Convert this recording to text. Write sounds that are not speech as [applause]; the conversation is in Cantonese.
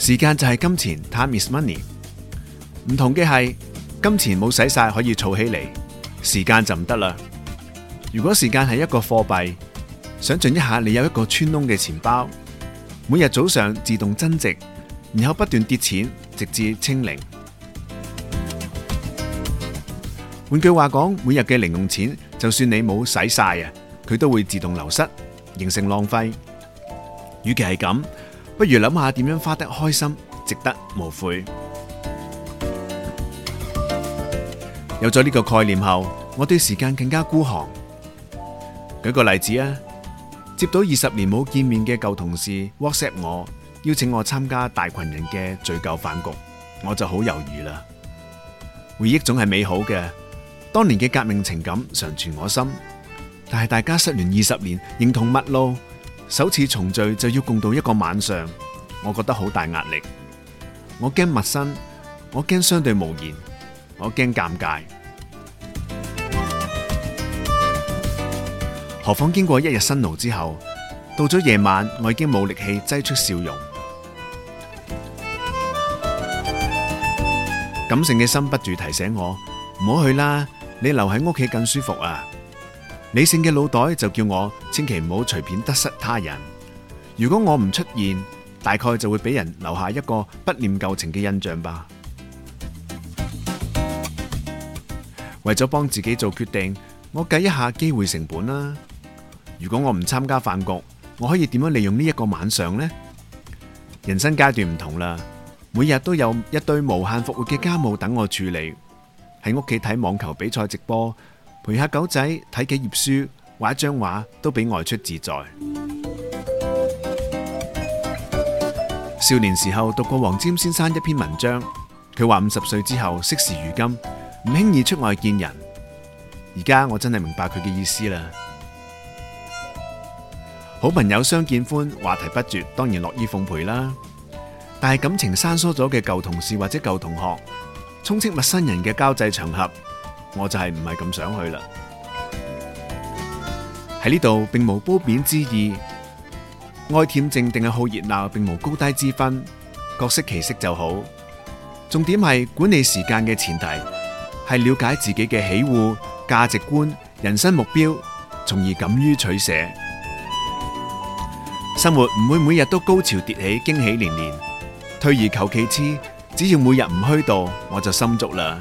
時間就係金錢，Time is money。唔同嘅係，金錢冇使晒可以儲起嚟，時間就唔得啦。如果時間係一個貨幣，想象一下，你有一個穿窿嘅錢包，每日早上自動增值，然後不斷跌錢，直至清零。換句話講，每日嘅零用錢，就算你冇使晒啊，佢都會自動流失，形成浪費。與其係咁，不如諗下點樣花得開心，值得無悔。有咗呢個概念後，我對時間更加孤寒。舉個例子啊，接到二十年冇見面嘅舊同事 WhatsApp 我，邀請我參加大群人嘅聚舊飯局，我就好猶豫啦。回憶總係美好嘅，當年嘅革命情感常存我心，但係大家失聯二十年，形同陌路。首次重聚就要共度一個晚上，我覺得好大壓力。我驚陌生，我驚相對無言，我驚尷尬。 [music] 何況經過一日辛勞之後，到咗夜晚，我已經冇力氣擠出笑容。 [music] 感性嘅心不住提醒我：唔好去啦，你留喺屋企更舒服啊！理性嘅腦袋就叫我千祈唔好隨便得失他人。如果我唔出現，大概就會俾人留下一個不念舊情嘅印象吧。為咗幫自己做決定，我計一下機會成本啦。如果我唔參加飯局，我可以點樣利用呢一個晚上呢？人生階段唔同啦，每日都有一堆無限復活嘅家務等我處理。喺屋企睇網球比賽直播。陪下狗仔，睇幾頁書，畫一張畫都比外出自在。 [music] 少年時候讀過黃霑先生一篇文章，佢話五十歲之後惜時如金，唔輕易出外見人。而家我真係明白佢嘅意思啦。好朋友相見歡，話題不絕，當然樂意奉陪啦。但係感情生疏咗嘅舊同事或者舊同學，充斥陌生人嘅交際場合。我就係唔係咁想去啦。喺呢度並無褒貶之意，愛恬靜定係好熱鬧，並無高低之分，各適其適就好。重點係管理時間嘅前提係了解自己嘅喜惡、價值觀、人生目標，從而敢於取捨。生活唔會每日都高潮迭起，驚喜連連，退而求其次，只要每日唔虛度，我就心足啦。